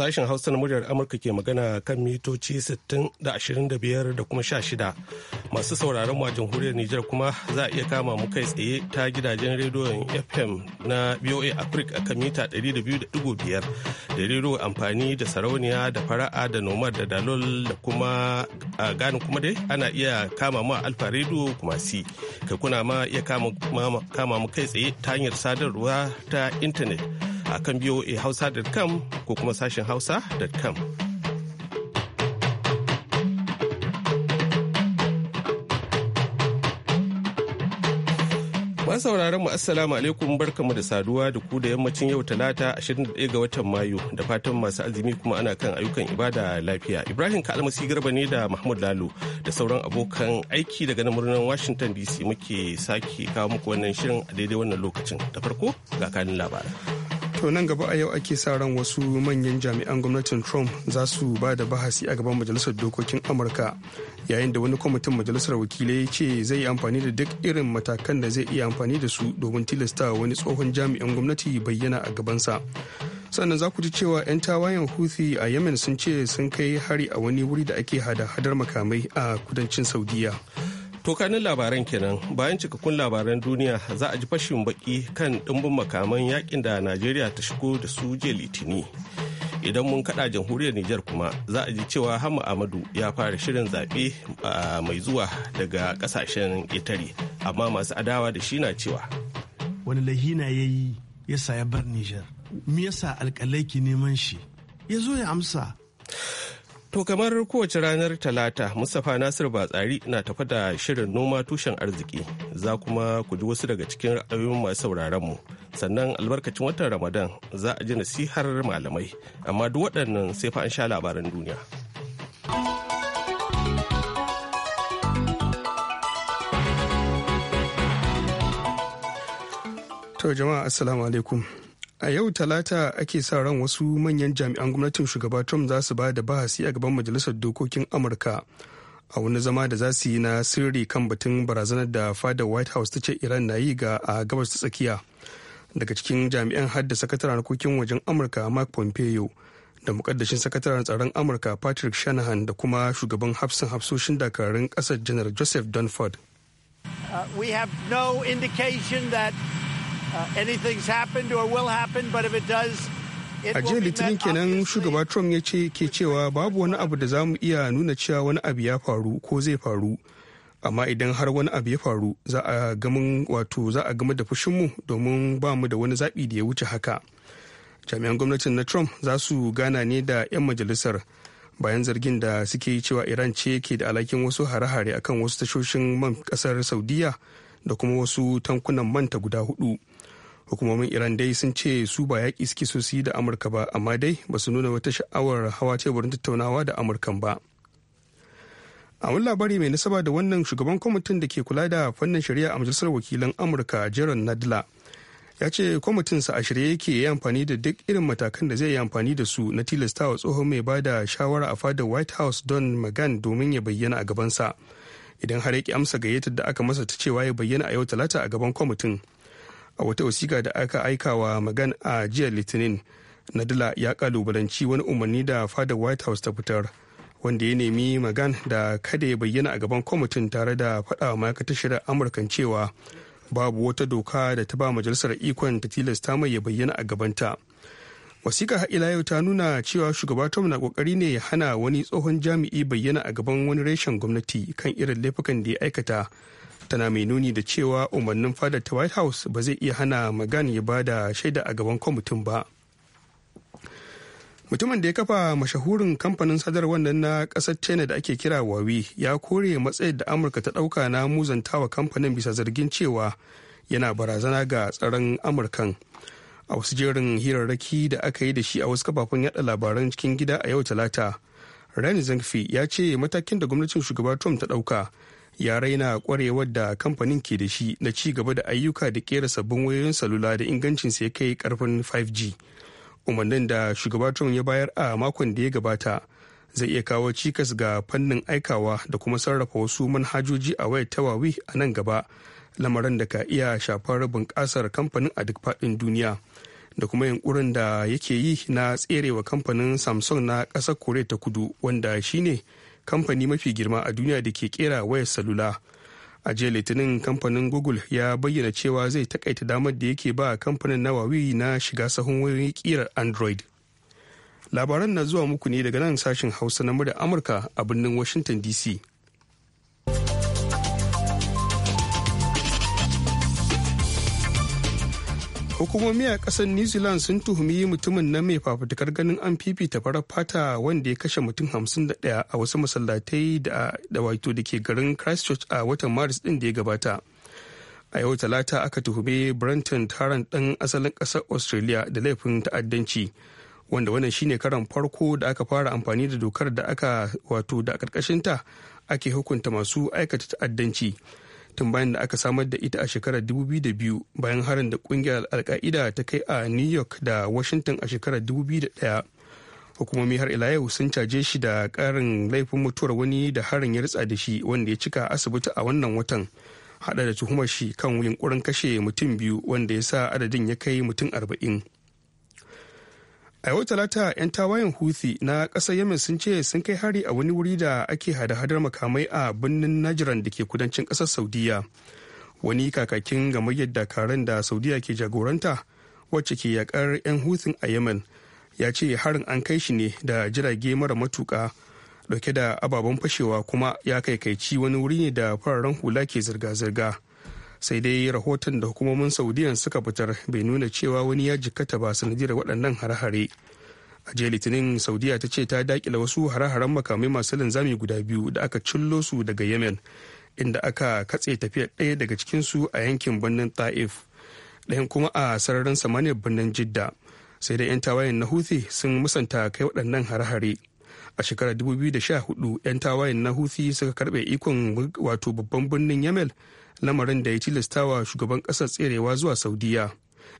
Sashen Hausa na muryar Amurka ke magana kan mitoci 60 da 25 da kuma 16. Masu sauraron mu a jamhuriyar Nijar kuma za a iya kama mu kai tsaye ta gidajen rediyon FM na BOA Africa akan mita 200.5 da rediyo amfani da sarauniya da fara'a da nomad da dalol da kuma a gani kuma dai ana iya kama mu a Alfa rediyo kuma si. Kai kuna ma iya kama mu kai tsaye ta hanyar sadarwa ta intanet. akan a kan hausa.com ko kuma sashen hausa.com. Masu sauraron mu assalamu alaikum barkamu da saduwa da ku da yammacin yau talata 21 ga watan Mayu da fatan masu azumi kuma ana kan ayyukan ibada lafiya. Ibrahim Kalmasi Garba ne da Mahmud Lalo da sauran abokan aiki daga nan murnan Washington DC muke sake kawo muku wannan shirin a daidai wannan lokacin. Da farko ga kanin labaran. to nan gaba a yau ake sa ran wasu manyan jami'an gwamnatin trump za su ba da bahasi a gaban majalisar dokokin amurka yayin da wani kwamitin majalisar wakilai ce zai yi amfani da duk irin matakan da zai iya amfani da su domin tilasta wani tsohon jami'an gwamnati bayyana a gabansa sannan za ku ji cewa 'yan tawayen houthi a yemen sun ce sun kai hari a wani wuri da ake hada-hadar makamai a kudancin saudiya kanin labaran kenan bayan cikakkun labaran duniya za a ji fashin baki kan ɗimbin makaman yakin da najeriya ta shigo da su je litini idan mun kada jamhuriyar nijar kuma za a ji cewa hama amadu ya fara shirin zaɓe mai zuwa daga ƙasashen Itali amma masu adawa da shi na cewa wani lahina ya yi ya sa ya bar nijar me yasa alƙalai ke neman shi ya zo ya amsa To kamar kowace ranar Talata, Mustapha Nasir Batsari na tafa da shirin noma tushen arziki, za kuma ku ji wasu daga cikin ra'ayoyin masu sauraron mu. Sannan albarkacin watan Ramadan za a ji nasihar malamai, amma duk waɗannan sai fa an sha labaran duniya. To jama'a assalamu alaikum. A yau Talata ake sa ran wasu manyan jami'an gwamnatin shugaba Trump za su ba da bahasi a gaban Majalisar Dokokin Amurka a wani zama da za su yi na sirri kan batun barazanar da fadar White House ta ce Iran na yi ga a gabas ta tsakiya. Daga cikin jami'an hadda sakataren harkokin wajen Amurka Mark Pompeo da mukaddashin sakataren tsaron Amurka Patrick Shanahan da kuma shugaban hafsin hafsoshin dakarun kasar janar Joseph Dunford. Uh, have no indication that Uh, anything's happened or will happen, it does, a jiya litinin kenan shugaba trump ya ce ke cewa babu wani abu da za mu iya nuna cewa wani abu ya faru ko zai faru amma idan har wani abu ya faru za a gamin wato za a gama da fushinmu domin ba mu da wani zaɓi da ya wuce haka jami'an gwamnatin na trump za su gana ne da 'yan majalisar bayan zargin da suke cewa iran ce ke da alhakin wasu hare-hare akan wasu tashoshin man kasar saudiya da kuma wasu tankunan manta guda hudu hukumomin iran dai sun ce su ba yaƙi suke so su yi da amurka ba amma dai ba su nuna wata sha'awar hawa teburin tattaunawa da amurkan ba a wani labari mai nasaba da wannan shugaban kwamitin da ke kula da fannin shari'a a majalisar wakilan amurka jaron nadla ya ce kwamitinsa a shirye yake yi amfani da duk irin matakan da zai yi amfani da su na tilasta wa tsohon mai ba da shawara a fadar white house don magan domin ya bayyana a gabansa idan har ya ki amsa gayyatar da aka masa ta cewa ya bayyana a yau talata a gaban kwamitin a wata wasiƙa da aka aika wa magan a jiya litinin nadala ya kalubalanci wani umarni da fadar white house ta fitar wanda ya nemi magan da kada ya bayyana a gaban kwamitin tare da faɗa wa ma'aikatar shirar amurkan cewa babu wata doka da ta ba majalisar ikon ta tilasta mai ya bayyana a gabanta wasiƙa haila yau ta nuna cewa shugaba tom na kokari ne ya hana wani tsohon jami'i bayyana a gaban wani reshen gwamnati kan irin laifukan da ya aikata tana mai nuni da cewa umarnin fadar ta white house ba zai iya hana magan ya ba da shaida a gaban kwamitin ba mutumin da ya kafa mashahurin kamfanin sadarwar nan na kasar china da ake kira wawi ya kore matsayin da amurka ta dauka na muzantawa kamfanin bisa zargin cewa yana barazana ga tsaron amurkan a wasu jerin hirarraki da aka yi da shi a wasu kafafen yada labaran cikin gida a yau talata ren zangfi ya ce matakin da gwamnatin shugaba trump ta dauka ya raina kwarewar da kamfanin ke da shi na ci gaba da ayyuka da kera sabbin wayoyin salula da ingancin sai kai karfin 5G. Umarnin da shugaba ya bayar a makon da ya gabata zai iya kawo cikas ga fannin aikawa da kuma sarrafa wasu manhajoji a wayar tawawi a nan gaba lamarin da ka iya shafar bunƙasar kamfanin a duk faɗin duniya da kuma yunkurin da yake yi na tserewa kamfanin samsung na ƙasar kore ta kudu wanda shine ne kamfani mafi girma a duniya da ke kera wayar salula a jiya litinin kamfanin google ya bayyana cewa zai takaita damar da yake ba kamfanin na na shiga sahun wayoyin kirar android labaran na zuwa muku ne daga nan sashen hausa na murya amurka a birnin washington dc hukumomi a kasar new zealand sun tuhumi mutumin na mai fafutukar ganin an fifita farar fata wanda ya kashe mutum 51 a wasu masallatai da wato da ke garin christchurch a watan maris din da ya gabata a yau talata aka tuhumi brenton taron ɗan asalin ƙasar australia da laifin ta'addanci wanda wannan shine karan farko da aka fara amfani da dokar da aka wato da ƙarƙashinta ake hukunta masu aikata ta'addanci tun bayan da aka samar da ita a shekarar 2002 bayan harin da kungiyar alka'ida ta kai a new york da washington a shekarar 2001 hukumomi har ila yau sun caje shi da karin laifin mutuwar wani da harin ya ritsa da shi wanda ya cika asibiti a wannan watan hada da tuhumar shi kan yunkurin kashe mutum biyu wanda ya sa adadin ya kai mutum arba'in. a yau talata 'yan tawayen houthi na ƙasar yemen sun ce sun kai hari a wani wuri da ake hada-hadar makamai a birnin najiran da ke kudancin ƙasar saudiya wani kakakin gamayyar dakaran da saudiya ke jagoranta wacce ke yaƙar 'yan hutun a yemen ya ce harin an kai shi ne da jirage mara matuka dauke da ababen fashewa kuma ya kai kaikaici wani wuri ne da fararen hula ke zirga-zirga sai dai rahoton da hukumomin saudiyan suka fitar bai nuna cewa wani ya jikkata ba sanadiyar waɗannan hare-hare a jiya litinin saudiya ta ce ta dakila wasu hare-haren makamai masu linzami guda biyu da aka cullo su daga yemen inda aka katse tafiyar ɗaya daga cikin su a yankin birnin ta'if ɗayan kuma a sararin samaniyar birnin jidda sai dai 'yan tawayen na huthi sun musanta kai waɗannan hare a shekarar 2014 'yan tawayen na huthi suka karɓe ikon wato babban birnin yemen lamarin da ya tilastawa shugaban ƙasar tserewa zuwa saudiya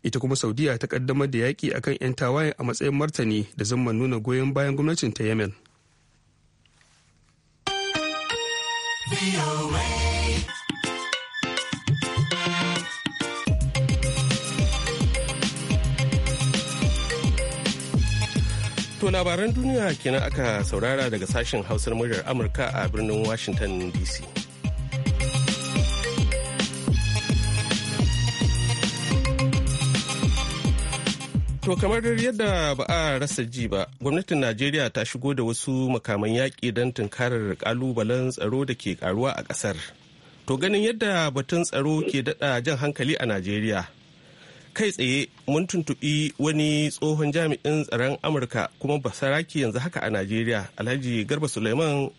ita kuma saudiya ta kaddamar da yaƙi akan 'yan tawayen a matsayin martani da zama nuna goyon bayan gwamnatin ta yemen To labaran duniya kenan aka saurara daga sashen hausar muryar Amurka a birnin Washington DC. To kamar yadda ba a rasa ji ba, gwamnatin Najeriya ta shigo da wasu makaman yaƙi don tunkarar ƙalubalen tsaro da ke ƙaruwa a ƙasar. To ganin yadda batun tsaro ke daɗa jan hankali a Najeriya. Kai tsaye mun tuntuɓi wani tsohon jami'in tsaron Amurka kuma saraki yanzu haka a Najeriya, Alhaji Garba Suleiman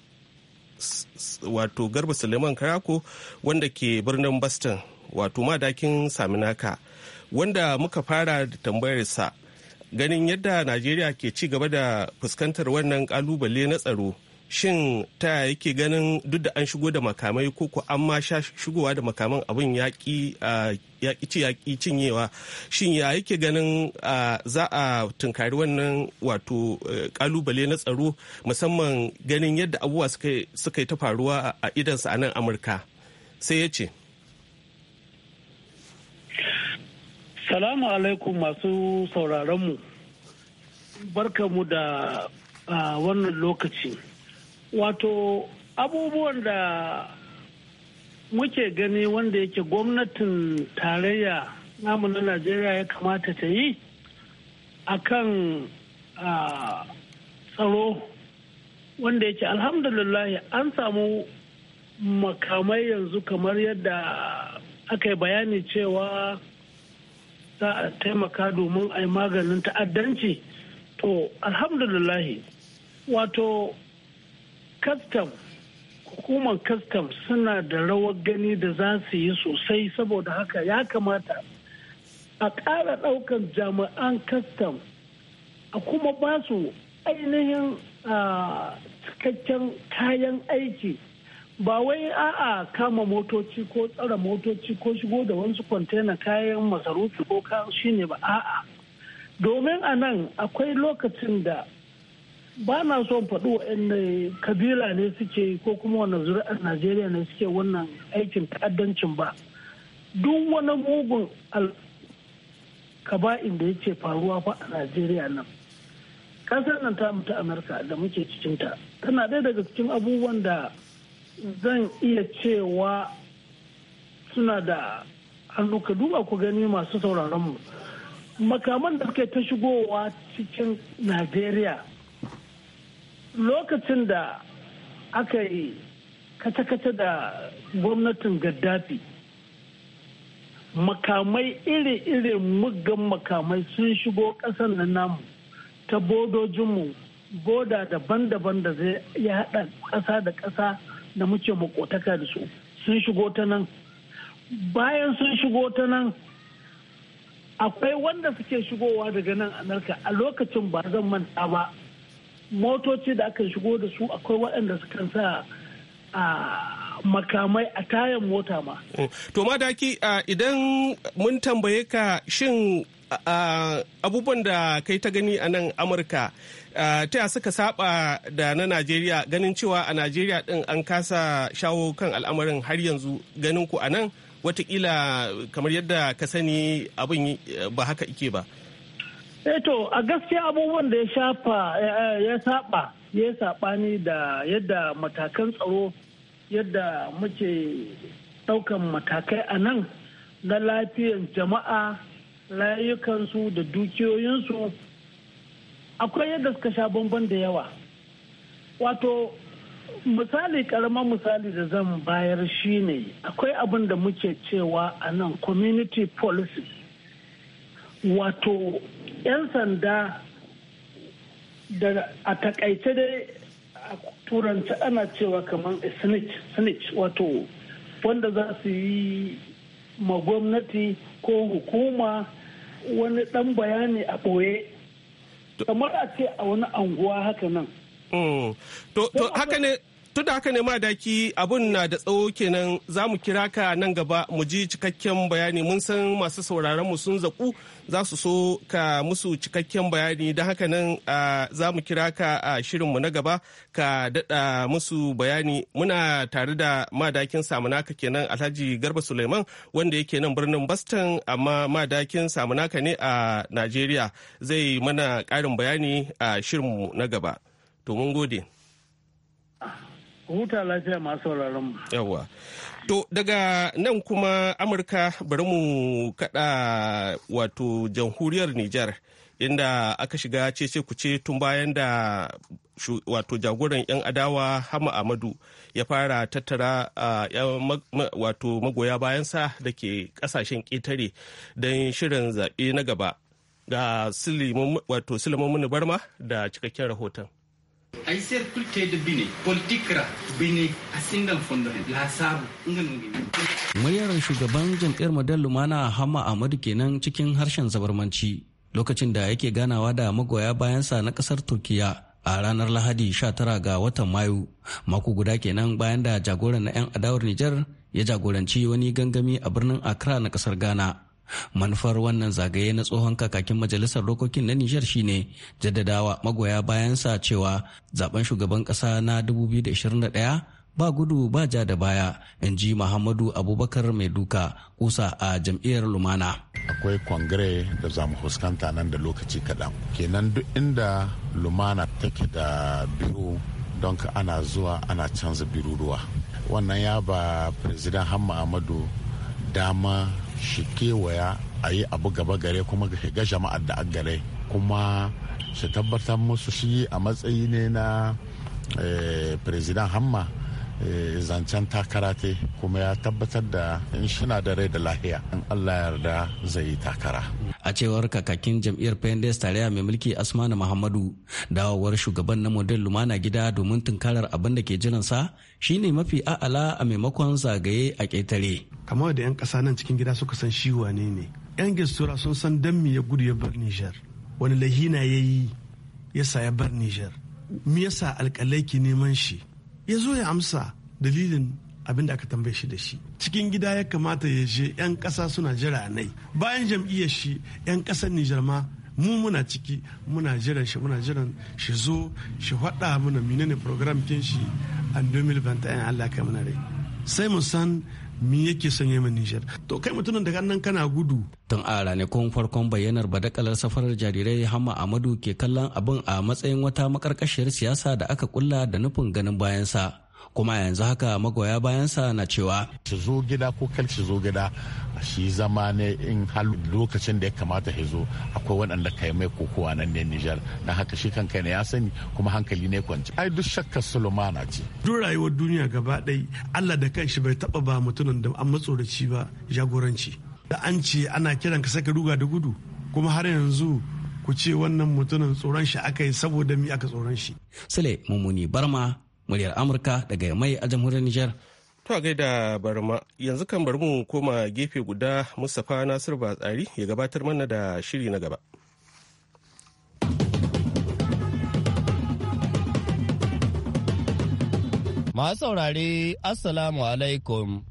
wato Garba Suleiman Karako wanda ke birnin Boston wato madakin Saminaka. wanda muka fara da tambayarsa ganin yadda najeriya ke ci gaba da fuskantar wannan kalubale na tsaro shin ta yake ganin duk da an shigo da makamai ko ko an ma sha shigowa da makaman abin yaƙi ci yaƙi cinyewa shin ya yake ganin za a tunkari wannan wato e, kalubale na tsaro musamman ganin yadda abubuwa suka yi ta faruwa a idansa a nan amurka sai ya ce Salamu alaikum masu sauraronmu. mu da wannan lokaci. Wato abubuwan da muke gani wanda yake gwamnatin tarayya namu na Najeriya ya kamata ta yi A kan tsaro wanda yake alhamdulillah an samu makamai yanzu kamar yadda aka yi bayani cewa za a taimaka domin a yi maganin ta'addanci to alhamdulillahi wato kastam hukumar kastam suna da rawar gani da za su yi sosai saboda haka ya kamata a ƙara ɗaukan jami'an kastam a kuma ba su ainihin ah, cikakken kayan aiki ba wai a'a kama motoci ko tsara motoci ko shigo da wasu kwantena kayan masarufi ko shi shine ba a'a domin a nan akwai lokacin da ba na son faɗo wa'in kabila ne suke ko kuma wani zuri'ar najeriya ne suke wannan aikin ta'addancin ba duk wani mugun kaba'in da yake faruwa fa a najeriya nan kasar nan ta mutu amurka da muke cikinta tana ɗaya daga cikin abubuwan da zan iya cewa suna da hannu ka duba ku gani masu sauraron mu makaman da suke ta shigowa cikin najeriya lokacin da aka yi kata-kata da gwamnatin gaddafi makamai iri-iri muggan makamai sun shigo ƙasar na namu ta bodojinmu boda daban-daban da zai ya haɗa ƙasa da ƙasa da muke makotaka da su sun shigo ta nan bayan sun shigo ta nan akwai wanda suke shigowa daga nan amurka a lokacin ba zan manta ba motoci da aka shigo da su akwai waɗanda su kan sa a makamai a tayan mota ma. Mm. To ma daki idan mun tambaye ka shin abubuwan da kai ta gani a nan Amurka Eh, ta ya suka saba da na najeriya ganin cewa a najeriya din an kasa shawo kan al'amarin har yanzu ganin ku a nan watakila kamar yadda ka sani abin eh, ba haka ike ba eh, to a gaskiya abubuwan da ya shafa ya saba ya ni da yadda matakan tsaro yadda muke daukan matakai anan na lafiyar jama'a layukansu da dukiyoyinsu akwai yadda suka sha bamban da yawa wato misali karamar misali da zan bayar shine akwai abin da muke cewa a nan community policy wato 'yan sanda da a takaice dai a turanci ana cewa kamar snitch snitch wato wanda za su yi ma gwamnati ko hukuma wani dan bayani a ɓoye kamar a ce a wani anguwa haka nan oh. to haka ne Tun da haka ne ma daki abun na da tsawo kenan za mu kira ka nan gaba mu ji cikakken bayani mun san masu sauraron mu sun zaku za su so ka musu cikakken bayani don haka nan za mu kira ka a shirinmu na gaba ka daɗa musu bayani muna tare da madakin samunaka kenan alhaji garba suleiman wanda yake nan birnin boston amma madakin samunaka ne a nigeria zai mana karin bayani a shirinmu na gaba to mun gode. huta lafiya masu sauraron mu. Yawwa. To daga nan kuma Amurka bari mu kada wato jamhuriyar Nijar inda aka shiga cece kuce tun bayan da wato jagoran 'yan adawa Hama Amadu ya fara tattara wato magoya bayansa da ke kasashen ƙetare don shirin zaɓe na gaba ga wato Suleiman Barma da cikakken rahoton. aiser kultede bine politikra bine muryar shugaban jam'iyyar madal lumana hama ahmadu kenan cikin harshen zabarmanci lokacin da yake ganawa da magoya bayansa na kasar turkiya a ranar lahadi 19 ga watan mayu mako guda kenan bayan da jagoran na 'yan adawar nijar ya jagoranci wani gangami a birnin accra na kasar ghana manufar wannan zagaye na tsohon kakakin majalisar dokokin na nijar shine jaddadawa magoya bayansa cewa zaben shugaban kasa na 2021 ba gudu ba ja da baya in ji muhammadu abubakar mai duka kusa a jam'iyyar lumana akwai kwangare da za mu fuskanta nan da lokaci kaɗan kenan duk inda lumana take da biro don ka ana zuwa ana canza biruruwa wannan ya ba president hamma amadu dama shi kewaya a yi abu gaba gare kuma ga jama'ar da gare kuma su tabbatar musu shi a matsayi ne na eh, president hamma Eh, zancen takara te kuma ya tabbatar da in shina da rai da lahiya in allah yarda zai yi takara a cewar kakakin jam'iyyar pendes tarayya mai mulki asmanu muhammadu dawowar shugaban na model lumana gida domin tunkarar abin da ke jiransa shine mafi a'ala a maimakon zagaye a ƙetare kamar da 'yan ƙasa nan cikin gida suka san shi wane ne 'yan gestura sun san dan ya gudu ya bar nijar wani lahina ya yi ya sa ya bar nijar me yasa alƙalai ke neman shi ya zo ya amsa dalilin abin da aka tambaye shi da shi cikin gida ya kamata ya je 'yan ƙasa suna jira nai bayan jam'iyyar shi 'yan ƙasar nijar ma mu muna ciki muna jiran shi muna jiran shi zo shi faɗa mana menene program kin shi a 2021 Allah kai muna rai sai mu san mi yake sanya mai Nijar. To kai mutumin daga nan kana gudu. Tun a ranakun farkon bayyanar badakalar safarar jarirai Hamma Amadu ke kallon abin a matsayin wata makarkashiyar siyasa da aka kulla da nufin ganin bayansa. kuma yanzu haka magoya bayansa na cewa shi zo gida ko kar shi zo gida shi zama ne in har lokacin da ya kamata ya zo akwai waɗanda kai mai kokowa nan ne Nijar na haka shi kanka ne ya sani kuma hankali ne kwance ai duk shakkar Sulmana ce duk rayuwar duniya gaba ɗaya Allah da kanshi bai taba ba mutumin da an da shi ba jagoranci da an ce ana kiran ka saka ruga da gudu kuma har yanzu ku ce wannan mutumin tsoron shi aka yi saboda mi aka tsoron shi. Sule Mummuni Barma muryar amurka daga mai a jamhuriyar nijar to a gaida barma yanzu kan bari mu koma gefe guda mustapha nasiru batsari ya gabatar mana da shiri na gaba Masu saurare, Assalamu alaikum.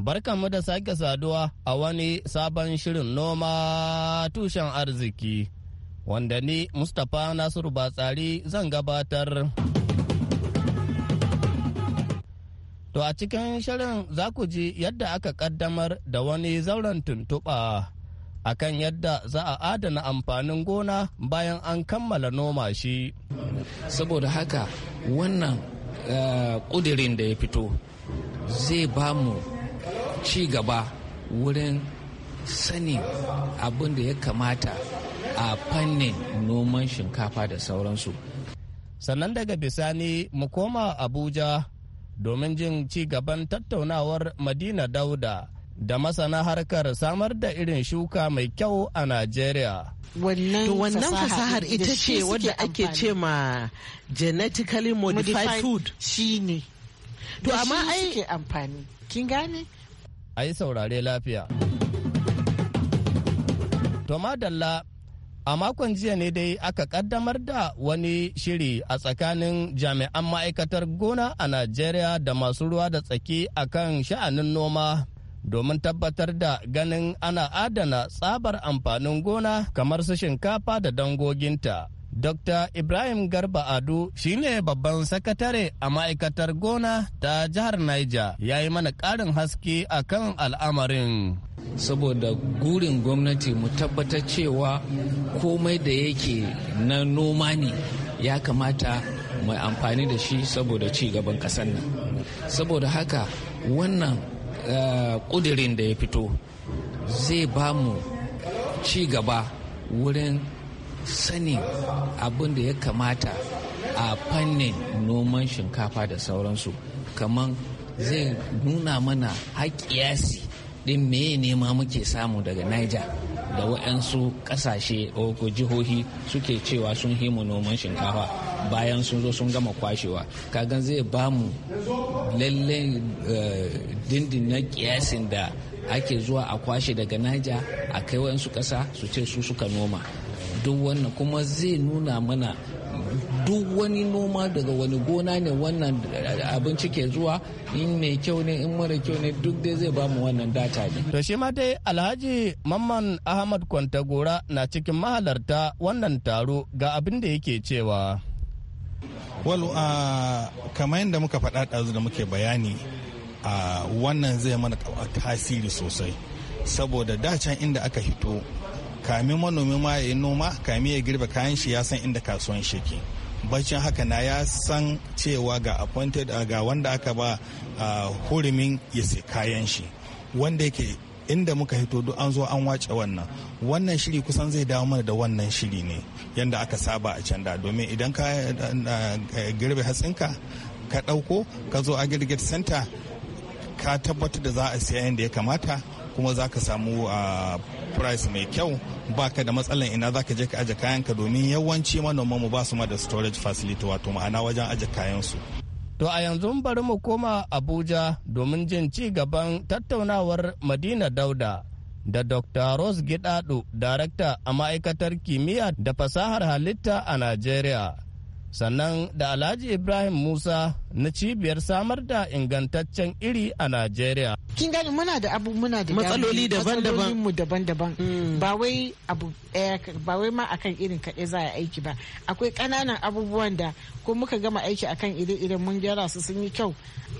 Barkanmu da sake saduwa a wani sabon shirin noma tushen arziki, wanda ni Mustapha Nasiru Batsari zan gabatar. To a cikin shirin za ku ji yadda aka kaddamar da wani zauren tuntuɓa a kan yadda za a adana amfanin gona bayan an kammala noma shi. Saboda haka wannan eh, ƙudirin da ya fito zai ba mu ci gaba wurin sanin abin da ya kamata a fannin noman shinkafa da sauransu. Sannan daga bisani mu koma Abuja domin jin ci gaban tattaunawar Madina Dauda da masana harkar samar da irin shuka mai kyau a Najeriya. Wannan fasahar ita ce wadda ake ce ma genetically modified food. Shi ne. To amma ai suke amfani. Kin gane? Ai saurare lafiya. To madalla A makon jiya ne dai aka kaddamar da wani shiri a tsakanin jami'an ma'aikatar gona a Najeriya da masu ruwa da tsaki a kan sha'anin noma domin tabbatar da ganin ana adana tsabar amfanin gona kamar su shinkafa da dangoginta Dr. Ibrahim Garba Ado ne babban sakatare a ma'aikatar gona ta jihar Niger ya yi mana ƙarin haske a kan al'amarin. Saboda gurin gwamnati mu tabbatar cewa komai da yake na noma ne ya kamata mai amfani da shi saboda ci gaban ƙasar nan. Saboda haka wannan eh, ƙudirin da ya fito zai ba mu ci gaba wurin sanin abin da ya kamata a fannin noman shinkafa da sauransu kamar zai nuna mana haƙiyasi ɗin meye nema muke samu daga niger da waɗansu ƙasashe ko jihohi suke cewa sun himu noman shinkafa bayan sun zo sun gama kwashewa kagan zai ba mu lalle eh, dindin na kiyasin da ake zuwa a kwashe daga naija a kai waɗansu ƙasa su ce su suka noma duk wannan kuma zai nuna mana duk wani noma daga wani gona ne wannan abinci ke zuwa in mai kyau ne in mara kyau ne duk dai zai bamu wannan data ne. To shi ma dai Alhaji Mamman Ahmad Kwantagora na cikin mahalarta wannan taro ga abin da yake cewa. Walu uh, a kamar yadda muka faɗa ɗazu da muke bayani a uh, wannan zai mana tasiri sosai saboda dacan inda aka hito kamin manomi ma ya yi noma kamin ya girbe kayan shi ya san inda kasuwan shi ke bacin haka na ya san cewa ga appointed ah, ga wanda aka ba ah, hurumin ya sai kayan shi wanda yake inda muka hito duk an zo an wace wannan wannan shiri kusan zai dawo mana da wannan shiri ne yadda aka saba a can domin idan ka ah, girbe hatsinka ka ɗauko ka zo a girgit center ka tabbatar da za a siya yadda ya kamata kuma za ka samu a price mai kyau ba ka da matsalan ina za ka je ka aje kayanka domin yawanci manoman mu ba su ma da storage facility wato ma'ana wajen aje kayansu. To a yanzu bari mu koma Abuja domin jin ci gaban tattaunawar Madina Dauda da Dr. Rose gidadu Darakta a Ma'aikatar Kimiyya da Fasahar Halitta a Najeriya. sannan da Alhaji Ibrahim Musa na cibiyar samar da ingantaccen iri a Najeriya. Kin gani muna da abu muna da matsaloli daban-daban hmm. ba wai abu eh, ba wai ma akan irin kaɗai za a aiki ba akwai ƙananan abubuwan da ko muka gama aiki akan ire-iren mun gyara su sun yi kyau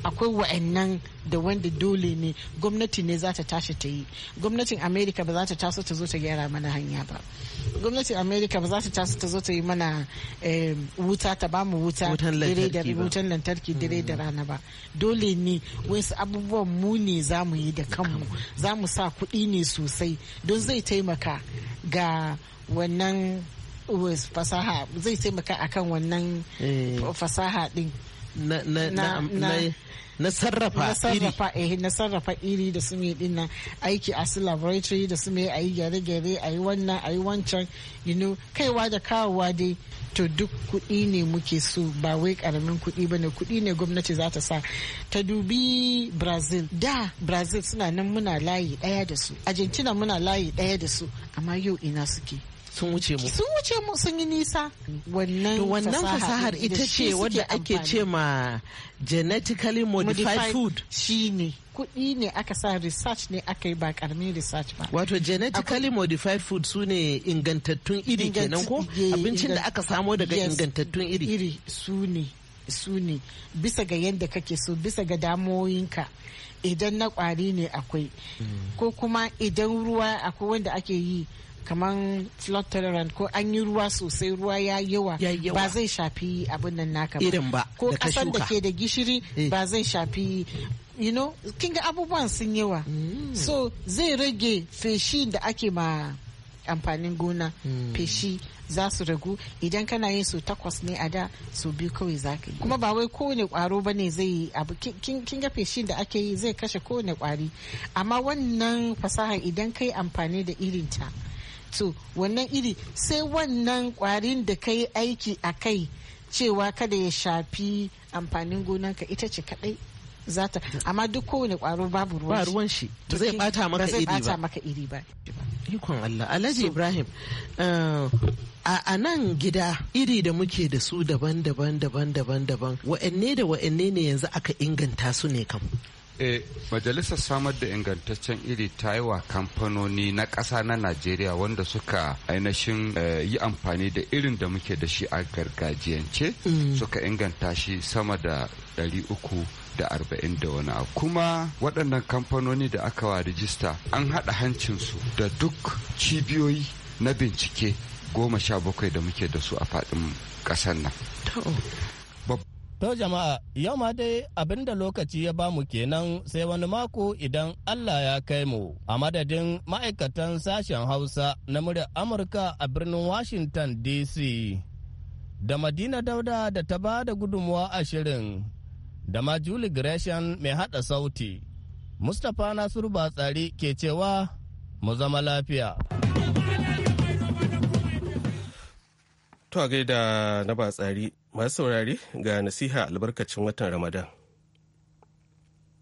akwai wa'annan da wanda dole ne gwamnati ne za ta tashi ta yi gwamnatin america ba za ta taso ta zo ta gyara mana hanya ba gwamnatin america ba za ta taso ta zo ta yi mana wuta ta ba mu wuta wutan lantarki dare da mm. rana ba dole ne wasu abubuwan mu ne za mu yi da kanmu za mu sa kuɗi ne sosai don zai taimaka ga wannan fasaha zai taimaka akan wannan eh. fasaha din na sarrafa iri eh na sarrafa iri da su mai dinnan aiki a su laboratory da su mai ayi gare gyare ayi wannan ayi wancan you know kaiwa da kawowa dai to duk kuɗi ne muke so ba wai karamin kuɗi ba ne kuɗi ne gwamnati za ta sa ta dubi brazil da brazil suna nan muna layi ɗaya da su argentina muna layi ɗaya da su amma yau ina suke sun wuce mu sun wuce mu sun yi nisa wannan fasahar ita ce wadda ake ce ma genetically modified food shine kuɗi ne aka sa research ne aka yi ba karamin research ba. Wato genetically modified food su ne ingantattun iri kenan ko eh, abincin da aka samo daga ingantattun iri. Iri su ne su ne bisa ga yadda kake so bisa ga damoyinka idan na kwari ne akwai hmm. ko kuma idan ruwa akwai wanda ake yi kaman flood tolerant ko an yi ruwa sosai ruwa ya yawa ba zai shafi abin nan naka ba ko kasan da ke da gishiri eh. ba zai shafi you know kin ga abubuwan sun yawa mm. so zai rage feshi da ake ma amfanin gona mm. feshi za su ragu idan kana yin su takwas ne a da su biyu kawai za ka yi kuma ba wai kowane kwaro ba ne zai abu kin ga feshi da ake yi zai kashe kowane kwari amma wannan fasaha idan kai amfani da irinta ta to wannan iri sai wannan kwarin da ka yi aiki a kai cewa kada ya shafi amfanin gonanka ita ce kadai za ta amma duk kowane kwaro babu ruwan shi ba ruwan shi ba zai bata maka iri ba zai maka iri ba ikon Allah Alhaji Ibrahim eh, a nan gida iri da muke da su daban-daban daban-daban daban wa'anne da wa'anne ne yanzu aka inganta su ne kam Eh, majalisar samar da ingantaccen iri ta yi wa kamfanoni na ƙasa na Najeriya wanda suka ainihin eh, yi amfani da irin da muke da shi a gargajiyance mm. suka inganta shi sama da 300 da arba'in da wani abu kuma waɗannan kamfanoni da aka wa rijista an haɗa hancinsu da duk cibiyoyi na bincike goma sha bakwai da muke da su a faɗin ƙasar nan To jama'a yau ma dai abin da lokaci ya bamu kenan sai wani mako idan Allah ya kai mu a madadin ma'aikatan sashen Hausa na murya Amurka a birnin Washington DC da Madina Dauda da ta ba da gudunmuwa a shirin da ma Julie Gresham mai hada sauti. Mustapha Nasiru Batsari ke cewa mu zama lafiya. To a gaida na Batsari masu saurari ga nasiha albarkacin watan Ramadan.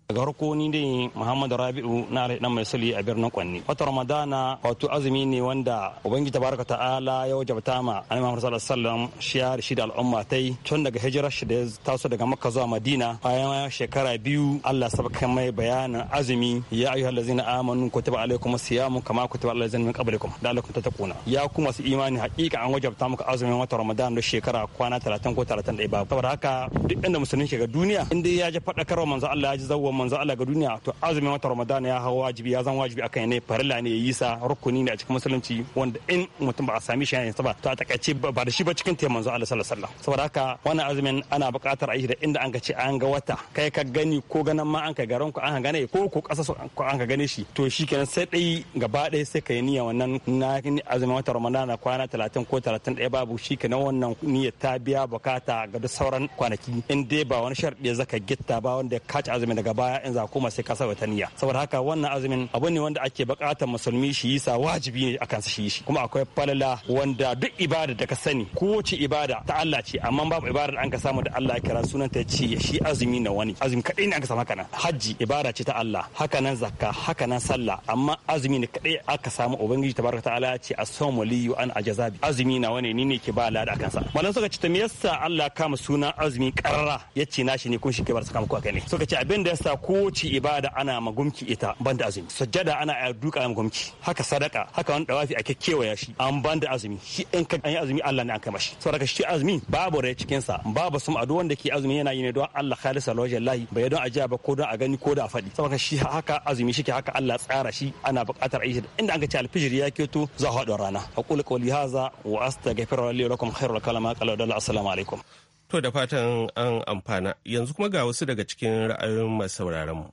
daga harko ni dai muhammad rabi'u na rai dan mai sali a birnin kwanni wata ramadana wato azumi ne wanda ubangiji tabaraka ta'ala ya wajabta ma annabi muhammad sallallahu alaihi wasallam shiyar shi da al'umma tai tun daga hijira shi da taso daga makka zuwa madina bayan shekara biyu allah sabaka mai bayanin azumi ya ayyuha allazina amanu kutiba alaikum siyamu kama kutiba alal ladzina min qablikum da alaikum tattaquna ya ku masu imani hakika an wajabta muka azumin wata ramadana da shekara kwana 30 ko 31 ba saboda haka duk inda musulunci ga duniya inda ya ji fadakarwa manzo Allah ya ji zawwa manzo Allah ga duniya to azumin wata Ramadan ya hawa wajibi ya zan wajibi akan ne farilla ne yi sa rukuni ne a cikin musulunci wanda in mutum ba a sami shi yayin ba to a takaice ba da shi ba cikin te manzo Allah sallallahu alaihi wasallam saboda haka wannan azumin ana buƙatar a yi da inda an ga ce an ga wata kai ka gani ko ganan ma an ka garan ku an gane ko ko kasa ko an ka gane shi to shikenan sai dai gaba ɗaya sai ka yi niyya wannan na azumin wata Ramadan kwana 30 ko 31 babu shikenan wannan niyya ta biya bukata ga duk sauran kwanaki in dai ba wani sharɗi zaka gitta ba wanda ya kaci azumin daga baya in za koma sai kasa sa wata niyya saboda haka wannan azumin abu ne wanda ake bukatar musulmi shi yi sa wajibi ne akan shi shi kuma akwai falala wanda duk ibada da ka sani kowace ibada ta Allah ce amma babu ibada da an ka samu da Allah ya kira sunan ta ce shi azumi na wani azumi kadai ne an ka samu haka nan hajji ibada ce ta Allah haka nan zakka haka nan sallah amma azumi ne kadai aka samu ubangiji tabaraka ta'ala ya ce as-sawmu li an ajazabi azumi na wani ni ne ke ba lada akan sa malan suka ce ta me yasa Allah kama suna azumi karara yace nashi ne kun shi ke bar saka muku ne suka ce abin da yasa yasa kowace ibada ana magunki ita banda azumi sajjada ana a duka magunki haka sadaka haka wani dawafi a kekkewaya shi an banda azumi shi in ka yi azumi Allah ne an kama shi daga shi azumi babu rai cikin sa babu sum ado wanda ke azumi yana yi ne don Allah khalisa lahi bai don ajiya ba ko don a gani ko da a faɗi saboda shi haka azumi shi ke haka Allah tsara shi ana buƙatar aisha inda an ga ci alfijir ya keto za a haɗa rana aqulu qawli hadha wa astaghfiru li wa lakum khairul kalama qala assalamu alaikum To da fatan an amfana yanzu kuma ga wasu daga cikin ra'ayoyin masu sauraron mu.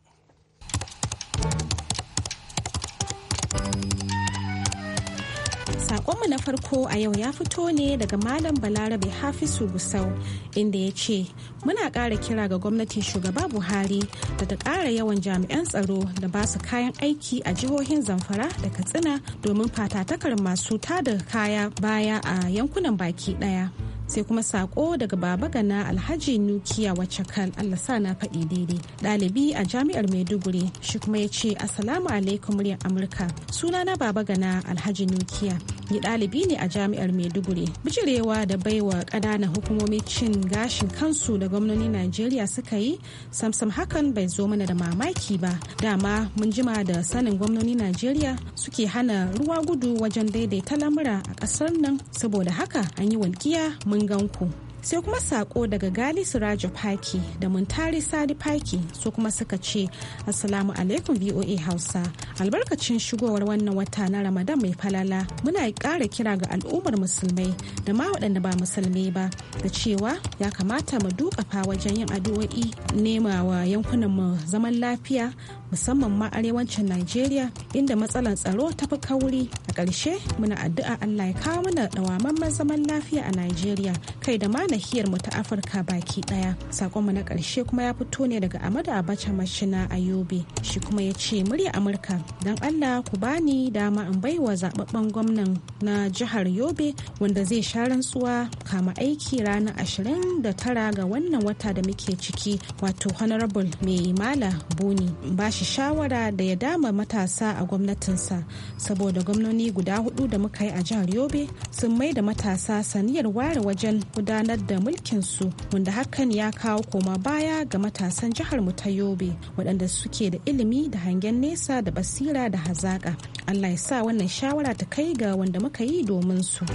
Sakonmu na farko a yau ya fito ne daga Malam Balarabe Hafisu Gusau inda ya ce, Muna ƙara kira ga gwamnatin shugaba Buhari da ta ƙara yawan jami'an tsaro da ba su kayan aiki a jihohin Zamfara da Katsina domin fatatakar masu tada kaya baya a yankunan baki ɗaya. sai kuma sako daga baba gana alhaji nukiya wacce kan allah sa na faɗi daidai ɗalibi a jami'ar maiduguri shi kuma ya ce assalamu alaikum muryar amurka sunana baba gana alhaji nukiya ni ɗalibi ne a jami'ar maiduguri bijirewa da baiwa ƙanana hukumomi cin gashin kansu da gwamnonin najeriya suka yi samsam hakan bai zo mana da mamaki ba dama mun jima da sanin gwamnonin najeriya suke hana ruwa gudu wajen daidaita lamura a ƙasar nan saboda haka an yi walƙiya mun gan ku sai kuma sako daga gali siraja paki da muntari sadi paki su kuma suka ce assalamu alaikum voa hausa albarkacin shigowar wannan wata na ramadan mai falala muna ƙara kira ga al'ummar musulmai da ma waɗanda ba musulmai ba da cewa ya kamata mu fa wajen yin addu'o'i nema wa yankunan mu zaman lafiya musamman ma arewacin najeriya inda matsalar tsaro ta fi kauri a ƙarshe muna addu'a allah ya kawo mana dawamamman zaman lafiya a najeriya kai da ma nahiyar mu ta afirka baki daya sakonmu na karshe kuma ya fito ne daga amadu abacha mashina a yobe shi kuma ya ce murya amurka don allah ku bani dama in baiwa zababben gwamnan na jihar yobe wanda zai sha rantsuwa kama aiki ranar ashirin da tara ga wannan wata da muke ciki wato honorable mai mala boni ba shi shawara da ya dama matasa a gwamnatinsa saboda gwamnoni guda hudu da muka yi a jihar yobe sun mai da matasa saniyar ware wajen gudanar da da su wanda hakan ya kawo koma baya ga matasan jihar mu ta yobe waɗanda suke da ilimi da hangen nesa da basira da hazaƙa allah ya sa wannan shawara ta kai ga wanda muka yi domin su.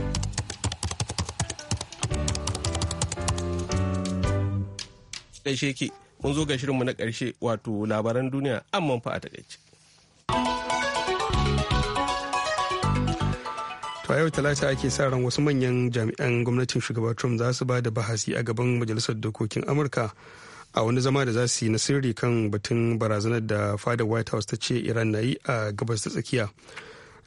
gaishe mun zo ga shirinmu na ƙarshe wato labaran duniya amman fa a takaice. To a yau talata ake sa ran wasu manyan jami'an gwamnatin shugaba Trump za su ba da bahasi a gaban majalisar dokokin Amurka a wani zama da za su yi na sirri kan batun barazanar da fada White House ta ce Iran na yi a gabas ta tsakiya.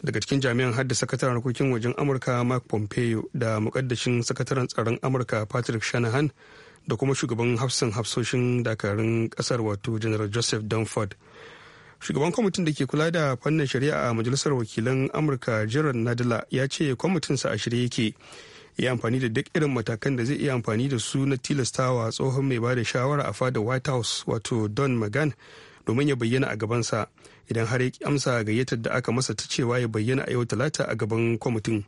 Daga cikin jami'an hadda sakataren harkokin wajen Amurka Mark Pompeo da mukaddashin sakataren tsaron Amurka Patrick Shanahan da kuma shugaban hafsan hafsoshin dakarun kasar wato General Joseph Dunford. shugaban kwamitin da ke kula da fannin shari'a a majalisar wakilan amurka jiran nadala ya ce kwamitinsa a shirye yake ya amfani da duk irin matakan da zai iya amfani da su na tilastawa tsohon mai ba da shawara a fada white house wato don magan domin ya bayyana a gabansa idan har ya amsa gayyatar da aka masa ta cewa ya bayyana a yau talata a gaban kwamitin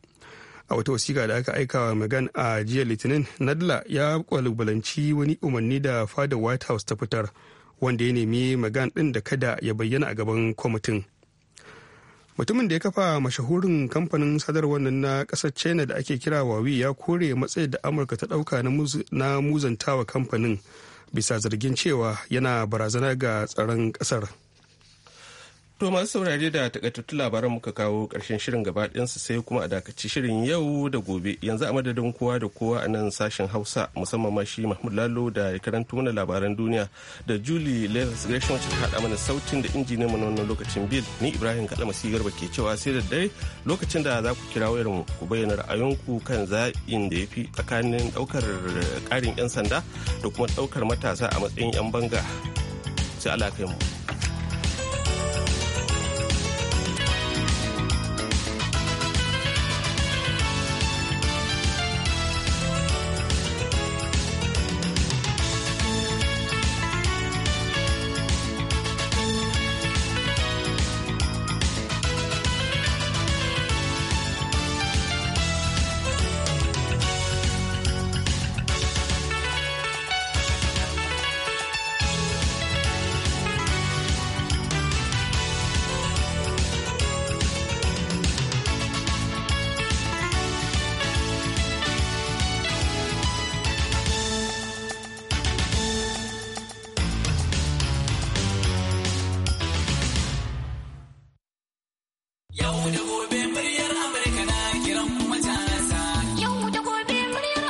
a wata wasiƙa da aka aika wa magan a jiya litinin nadla ya kwalubalanci wani umarni da fada white house ta fitar wanda ya nemi magan ɗin da kada ya bayyana a gaban kwamitin mutumin da ya kafa mashahurin kamfanin sadarwar na ƙasar china da ake kira wawi ya kore matsayin da amurka ta ɗauka na muzantawa kamfanin bisa zargin cewa yana barazana ga tsaron ƙasar To masu saurare da takaitattun labaran muka kawo karshen shirin gaba ɗinsu sai kuma a dakaci shirin yau da gobe yanzu a madadin kowa da kowa a nan sashen Hausa musamman ma shi Mahmud Lalo da ya karanta mana labaran duniya da juli Lewis Gresham wacce ta haɗa mana sautin da injiniyan mu wannan lokacin Bill ni Ibrahim Kalama garba ke cewa sai da dare lokacin da za ku kira wayar mu ku bayyana ra'ayinku kan zaɓin da ya fi tsakanin ɗaukar ƙarin 'yan sanda da kuma ɗaukar matasa a matsayin 'yan banga sai Allah kai mu.